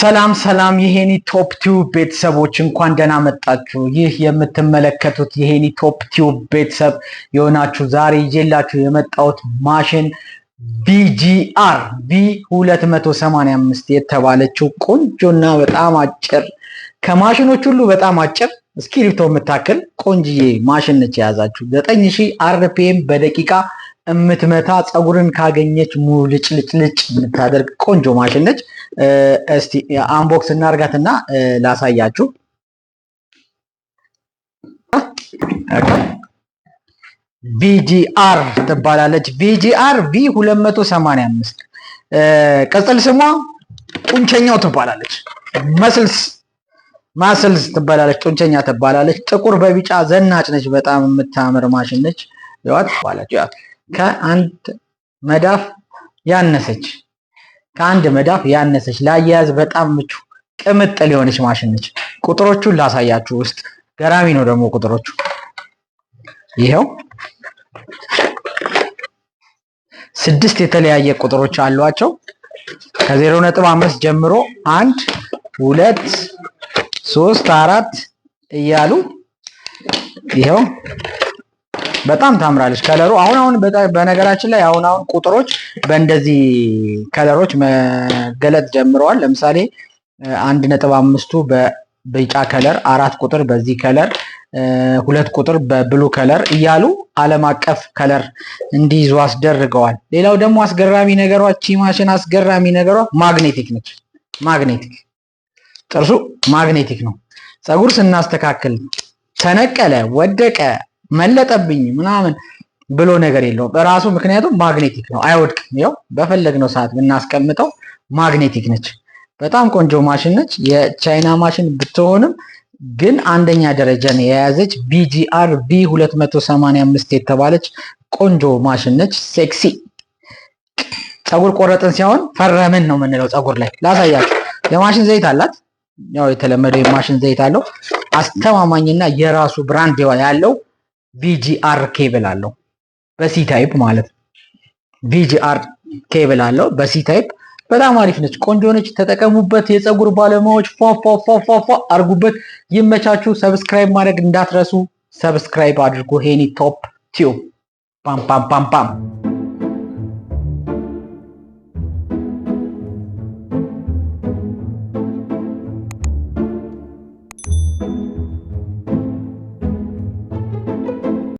ሰላም ሰላም የሄኒ ቶፕ ቲዩብ ቤተሰቦች እንኳን ደህና መጣችሁ። ይህ የምትመለከቱት የሄኒ ቶፕ ቲዩብ ቤተሰብ የሆናችሁ ዛሬ ይዤላችሁ የመጣሁት ማሽን ቢጂአር ቪ 285 የተባለችው ቆንጆና በጣም አጭር ከማሽኖች ሁሉ በጣም አጭር እስክሪብቶ የምታክል ቆንጅዬ ማሽን ነች። የያዛችሁ 9000 አርፒኤም በደቂቃ የምትመታ ፀጉርን ካገኘች ሙልጭልጭልጭ የምታደርግ ቆንጆ ማሽን ነች። እስቲ አንቦክስ እናርጋትና ላሳያችሁ። ቢጂአር ትባላለች። ቢጂአር ቪ 285 ቅጽል ስሟ ጡንቸኛው ትባላለች። መስልስ ማስልስ ትባላለች። ጡንቸኛ ትባላለች። ጥቁር በቢጫ ዘናጭ ነች። በጣም የምታምር ማሽን ነች። ይዋት ባላችሁ ከአንድ መዳፍ ያነሰች ከአንድ መዳፍ ያነሰች ለአያያዝ በጣም ምቹ ቅምጥል የሆነች ማሽን ነች። ቁጥሮቹን ላሳያችሁ ውስጥ ገራሚ ነው ደግሞ ቁጥሮቹ ይኸው ስድስት የተለያየ ቁጥሮች አሏቸው ከዜሮ ነጥብ አምስት ጀምሮ አንድ ሁለት ሶስት አራት እያሉ ይኸው በጣም ታምራለች ከለሩ። አሁን አሁን በነገራችን ላይ አሁን አሁን ቁጥሮች በእንደዚህ ከለሮች መገለጥ ጀምረዋል። ለምሳሌ አንድ ነጥብ አምስቱ በቢጫ ከለር፣ አራት ቁጥር በዚህ ከለር፣ ሁለት ቁጥር በብሉ ከለር እያሉ ዓለም አቀፍ ከለር እንዲይዙ አስደርገዋል። ሌላው ደግሞ አስገራሚ ነገሯ ማሽን አስገራሚ ነገሯ ማግኔቲክ ነች። ማግኔቲክ ጥርሱ ማግኔቲክ ነው። ፀጉር ስናስተካክል ተነቀለ፣ ወደቀ መለጠብኝ ምናምን ብሎ ነገር የለውም በራሱ ምክንያቱም ማግኔቲክ ነው፣ አይወድቅም። ያው በፈለግነው ሰዓት ብናስቀምጠው ማግኔቲክ ነች። በጣም ቆንጆ ማሽን ነች። የቻይና ማሽን ብትሆንም ግን አንደኛ ደረጃን የያዘች ቢጂአር ቢ 285 የተባለች ቆንጆ ማሽን ነች። ሴክሲ ፀጉር ቆረጥን ሲሆን ፈረምን ነው የምንለው ፀጉር ላይ ላሳያችሁ። የማሽን ዘይት አላት። ያው የተለመደው የማሽን ዘይት አለው። አስተማማኝና የራሱ ብራንድ ያለው ቢጂአርኬ ብላለሁ በሲ ታይፕ ማለት ነው። ቢጂአርኬ ብላለሁ በሲ ታይፕ በጣም አሪፍ ነች፣ ቆንጆ ነች። ተጠቀሙበት። የፀጉር ባለሙያዎች ፏፏፏፏ አርጉበት። ይመቻችሁ። ሰብስክራይብ ማድረግ እንዳትረሱ። ሰብስክራይብ አድርጉ። ሄኒ ቶፕ ቲዩብ ፓም ፓም ፓም ፓም